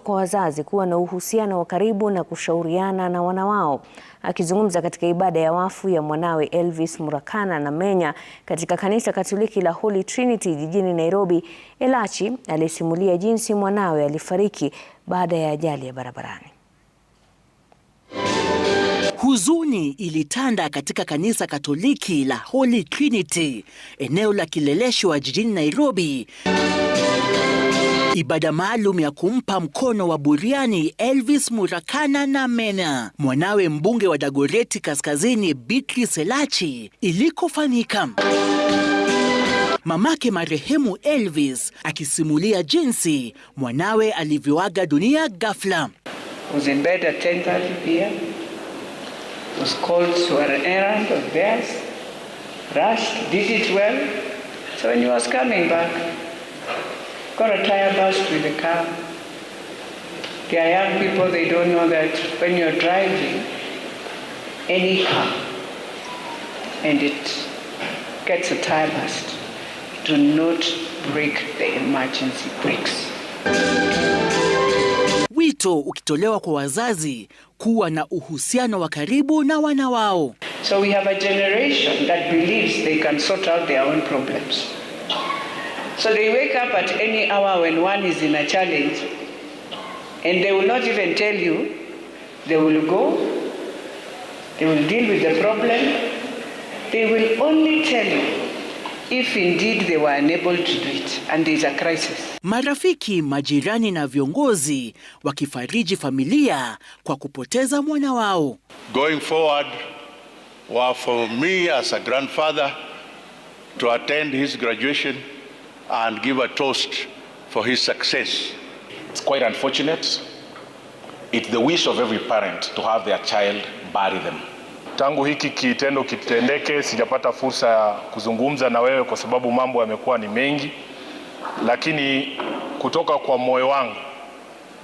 kwa wazazi kuwa na uhusiano wa karibu na kushauriana na wana wao. Akizungumza katika ibada ya wafu ya mwanawe Elvis Murakana na menya katika kanisa Katoliki la Holy Trinity jijini Nairobi, Elachi alisimulia jinsi mwanawe alifariki baada ya ajali ya barabarani. Huzuni ilitanda katika kanisa Katoliki la Holy Trinity eneo la Kileleshwa jijini Nairobi ibada maalum ya kumpa mkono wa buriani Elvis Murakana na Mena, mwanawe mbunge wa Dagoreti Kaskazini Bikri Selachi, ilikofanyika. Mamake marehemu Elvis akisimulia jinsi mwanawe alivyoaga dunia ghafla got a tire burst with the car. There are young people, they don't know that when you're driving any car and it gets a tire burst, do not break the emergency brakes. Wito ukitolewa kwa wazazi kuwa na uhusiano wa karibu na wana wao. So we have a generation that believes they can sort out their own problems. So they wake up at any hour when one is in a challenge and they will not even tell you. They will go, they will deal with the problem. They will only tell you if indeed they were unable to do it and there is a crisis. Marafiki, majirani na viongozi wakifariji familia kwa kupoteza mwana wao. Going forward, well, for me as a grandfather to attend his graduation and give a toast for his success. It's quite unfortunate. It's the wish of every parent to have their child bury them. Tangu hiki kitendo kitendeke, sijapata fursa ya kuzungumza na wewe kwa sababu mambo yamekuwa ni mengi, lakini kutoka kwa moyo wangu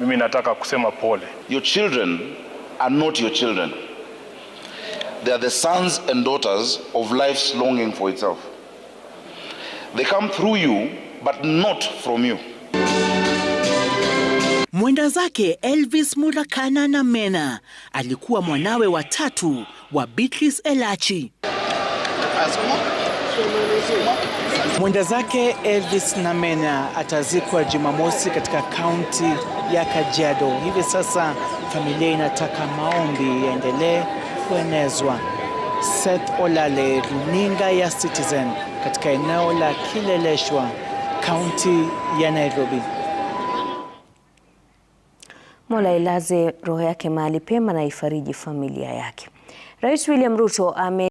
mimi nataka kusema pole. Your children are not your children. They are the sons and daughters of life's longing for itself. They come through you, but not from you. Mwenda zake Elvis Murakana na Mena alikuwa mwanawe wa tatu wa Beatrice Elachi. Mwenda zake Elvis Namena atazikwa Jumamosi katika kaunti ya Kajiado. Hivi sasa familia inataka maombi yaendelee kuenezwa. Seth Olale, runinga ya Citizen katika eneo la Kileleshwa, kaunti ya Nairobi. Mola ilaze roho yake mahali pema na ifariji familia yake. Rais William Ruto ame